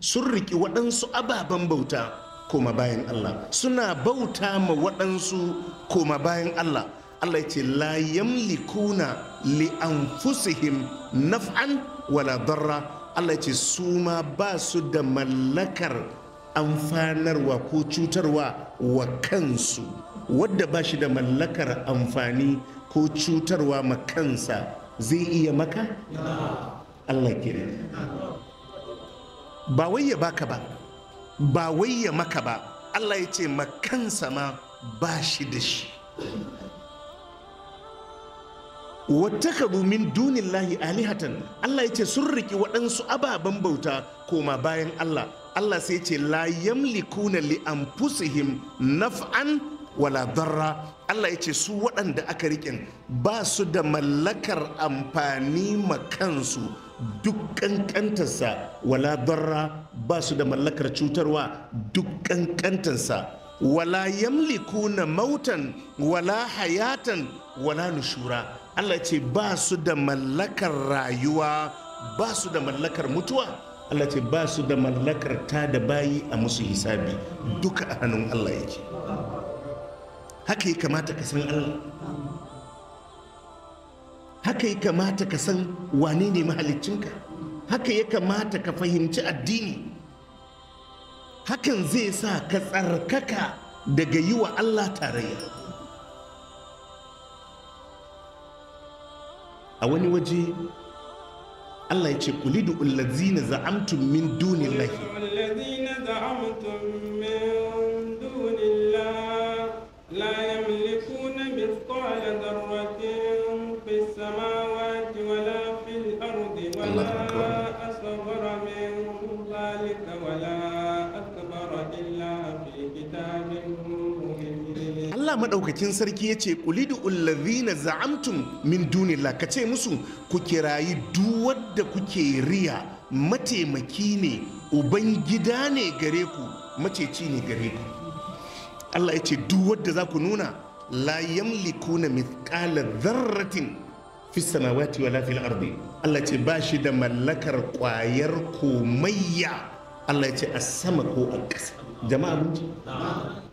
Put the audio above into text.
sun riƙi waɗansu ababen bauta koma bayan Allah suna bauta ma waɗansu koma bayan Allah Allah ce la yamlikuna li anfusihim naf'an wala darra Allah ce su ma ba su da mallakar amfanarwa ko cutarwa wa kansu wadda ba shi da mallakar amfani ko cutarwa ma kansa zai iya maka? Allah kira. ba wai ya baka ba ba wai ya maka ba Allah ya ce makansa ma ba shi da shi wattakadu min dunillahi alihatan Allah ya ce sun riki waɗansu ababen bauta koma bayan Allah Allah sai ce la yamlikuna li anfusihim naf'an wala darra Allah ya ce su waɗanda aka riƙin ba su da mallakar amfani ma kansu duk ƙanƙantarsa wala darra ba su da mallakar cutarwa duk ƙanƙantarsa wala yamliku na mautan wala hayatan wala nushura Allah ce ba su da mallakar rayuwa ba su da mallakar mutuwa Allah ce ba su da mallakar ta da bayi a musu hisabi duka a hannun Allah yake. haka ya kamata ka san Allah haka ya kamata ka san wane ne mahaliccinka haka ya kamata ka fahimci addini hakan zai sa ka tsarkaka daga yi wa Allah tarayya a wani waje Allah ya ce kulidu ulazina za'amtum min dunillahi يملكون مثقال ذرة في السماوات ولا في الأرض ولا أصغر من ذلك ولا أكبر إلا في كتاب Allah maɗaukakin sarki ya ce ƙulidu ullazina za'amtum min dunillah ka ce musu ku kirayi duwar wadda kuke riya mataimaki ne ubangida ne gare ku maceci ne gare ku Allah ya ce duk wadda za ku nuna لا يملكون مثقال ذرة في السماوات ولا في الأرض التي باشد ملكر قوير كوميا التي أسمكو أكسر جماعة بنتي